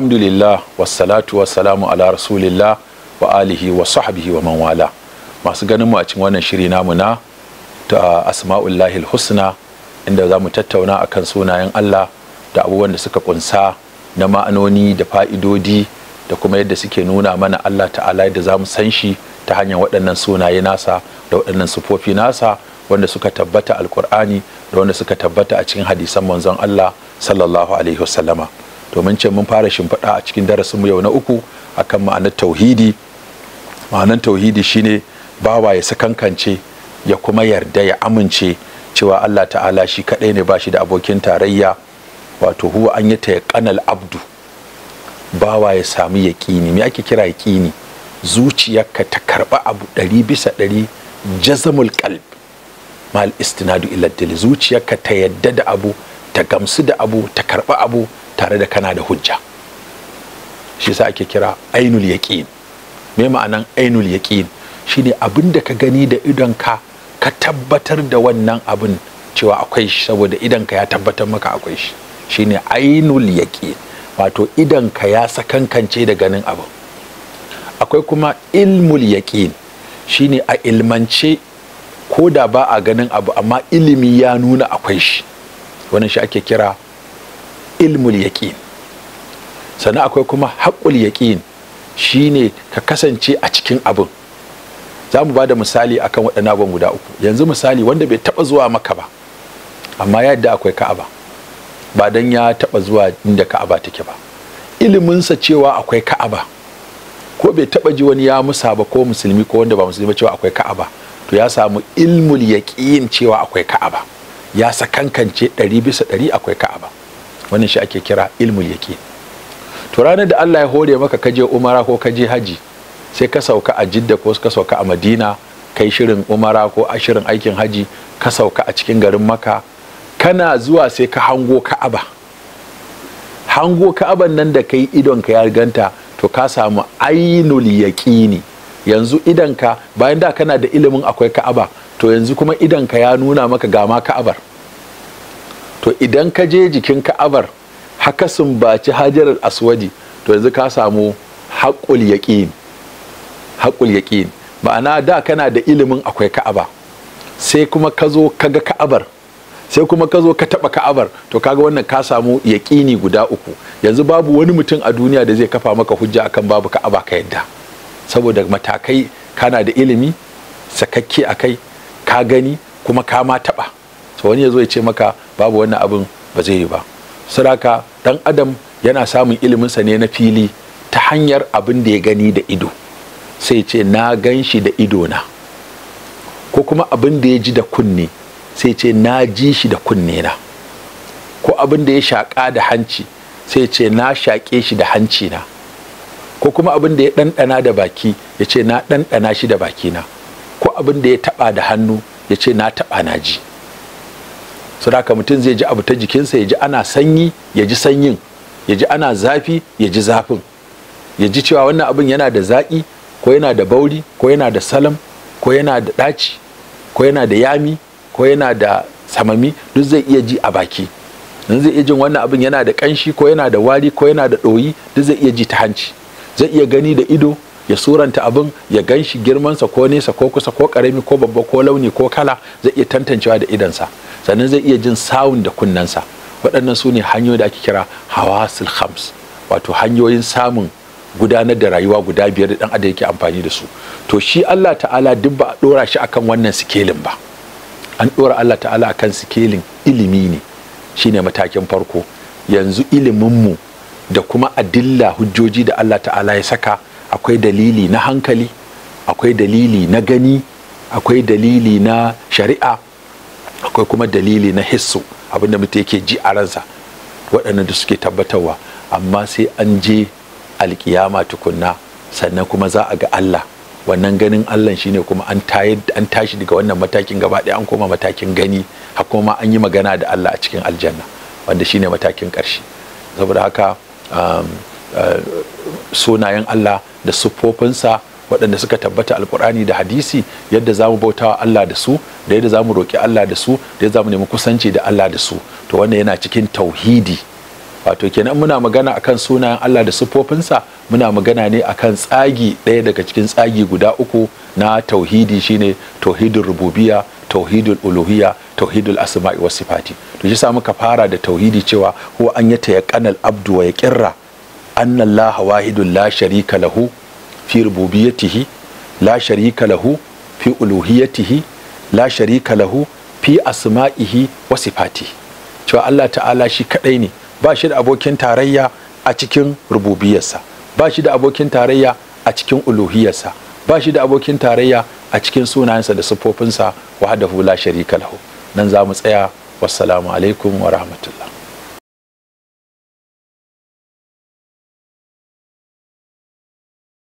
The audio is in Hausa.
alhamdulillah wassalatu wassalamu ala rasulillah wa alihi wa sahbihi wa manwala masu ganin mu a cikin wannan shiri namu na ta asma'ullahi husna inda za mu tattauna akan sunayen Allah da abubuwan da suka kunsa na ma'anoni da fa'idodi da kuma yadda suke nuna mana Allah ta'ala yadda za mu san shi ta hanyar waɗannan sunaye nasa da waɗannan sufofi nasa wanda suka tabbata alkur'ani da wanda suka tabbata a cikin hadisan manzon Allah sallallahu alaihi wasallama domin ce mun fara shimfiɗa a cikin darasinmu yau na uku akan ma'anar tauhidi ma'anar tauhidi shine bawa ya sakankance ya kuma yarda ya amince cewa Allah ta'ala shi kaɗai ne bashi da abokin tarayya wato huwa an yi ta kanal abdu bawa ya samu kini me ake kira kini zuciyarka ta karba abu ɗari bisa ɗari jazamul qalb mal istinadu ila zuciyarka ta yadda da abu ta gamsu da abu ta karba abu tare da kana da hujja shi sa ake kira ainul yaqin me ma'anan ainul yaqin shine abin da ka gani da idon ka ka tabbatar da wannan abin cewa akwai shi saboda idan ka ya tabbatar maka akwai shi shine ainul yaqin wato idan ka ya sakankance da ganin abu akwai kuma ilmul yaqin shine a ilmance ko da ba a ganin abu amma ilimi ya nuna akwai shi wannan shi ake kira ilmul yaƙin sannan akwai kuma haƙul yaƙin shine ka kasance a cikin abin za mu ba da misali akan waɗannan abin guda uku yanzu misali wanda bai taɓa zuwa maka ba amma ya yadda akwai ka'aba ba don ya taɓa zuwa inda ka'aba take ba iliminsa cewa akwai ka'aba ko bai taɓa ji wani ya musa ba ko musulmi ko wanda ba musulmi cewa akwai ka'aba to ya samu ilmul yaƙin cewa akwai ka'aba ya sakankance ɗari bisa ɗari akwai ka'aba wannan shi ake kira ilmul yake to ranar da Allah ya hore maka ka je umara ko ka je haji sai ka sauka a jidda ko ka sauka a madina kai shirin umara ko a shirin aikin haji ka sauka a cikin garin maka kana zuwa sai ka hango ka'aba hango ka'aban nan da kai idonka ya ganta to ka samu ainul yaqini yanzu idonka bayan da kana da ilimin akwai ka'aba to yanzu kuma ka ya nuna maka gama ma ka'abar to idan ka je jikin ka'abar haka sumbaci hajarar aswadi to yanzu ka samu haƙul yaƙin haƙul yaƙin ma'ana da kana da ilimin akwai ka'aba sai kuma ka zo ka ga ka'abar sai kuma ka zo ka taɓa ka'abar to kaga wannan ka samu yaƙini guda uku yanzu babu wani mutum a duniya da zai kafa maka hujja akan babu ka'aba ka yadda saboda matakai kana da ilimi sakakke akai ka gani kuma ka ma taɓa wani ya zo ya ce maka babu wannan abin ba zai yi ba Suraka dan adam yana samun iliminsa ne na fili ta hanyar abin da ya gani da ido sai ce na gan shi da na. ko kuma abin da ya ji da kunne sai ce na ji shi da kunne na ko abin da ya shaƙa da hanci sai ce na shaƙe shi da hanci na ko kuma abin da ya ɗanɗana da baki ya ce na ɗanɗana shi da baki na ko abin da ya taɓa da hannu ya ce na taɓa na ji so da mutum zai ji abu ta jikinsa ya ji ana sanyi ya ji sanyin ya ji ana zafi ya ji zafin ya ji cewa wannan abin yana da zaƙi ko yana da bauri ko yana da salam ko yana da ɗaci ko yana da yami ko yana da samami duk zai iya ji a baki in zai iya jin wannan abin yana da ƙanshi ko yana da wari ko yana da ɗoyi duk zai iya ji ta hanci zai iya gani da ido ya suranta abin ya gan shi girmansa ko nesa ko kusa ko karami ko babba ko launi ko kala zai iya tantancewa da idansa sannan zai iya jin sawun da kunnensa waɗannan su ne hanyoyi da ake kira hawasul khams wato hanyoyin samun gudanar da rayuwa guda biyar da ɗan adam yake amfani da su to shi Allah ta'ala duk ba a ɗora shi akan wannan sikelin ba an ɗora Allah ta'ala akan sikelin ilimi ne shine matakin farko yanzu iliminmu da kuma adilla hujjoji da Allah ta'ala ya saka akwai dalili na hankali akwai dalili na gani akwai dalili na shari'a akwai kuma dalili na hissu abinda mutum yake ji a ransa waɗannan da suke tabbatarwa amma sai an je alkiyama tukunna sannan kuma za a ga Allah wannan ganin Allah shine kuma an tashi daga wannan matakin gaba ɗaya an koma matakin gani har kuma an yi magana da Allah a cikin aljanna wanda shine matakin ƙarshe saboda haka um, uh, sunayen Allah da siffofinsa waɗanda suka tabbata alkur'ani da hadisi yadda za mu wa Allah da su da yadda za mu roƙi Allah da su da yadda za mu nemi kusanci da Allah da su to wannan yana cikin tauhidi wato kenan muna magana akan sunayen Allah da siffofinsa muna magana ne akan tsagi ɗaya daga cikin tsagi guda uku na tauhidi shine tauhidul rububiyya tauhidul uluhiyya tauhidul asma'i was sifati to shi sa muka fara da tauhidi cewa huwa an yata yaqanal abdu wa yaqirra anna Allah wahidun la sharika lahu fi rububiyyatihi la sharika lahu fi uluhiyyatihi la sharika lahu fi asma'ihi wa sifatihi cewa Allah ta'ala shi kadai ne ba shi da abokin tarayya a cikin rububiyarsa ba shi da abokin tarayya a cikin uluhiyarsa ba shi da abokin tarayya a cikin sunayensa da siffofinsa wa hadahu la sharika lahu nan za mu tsaya wassalamu alaikum wa rahmatullah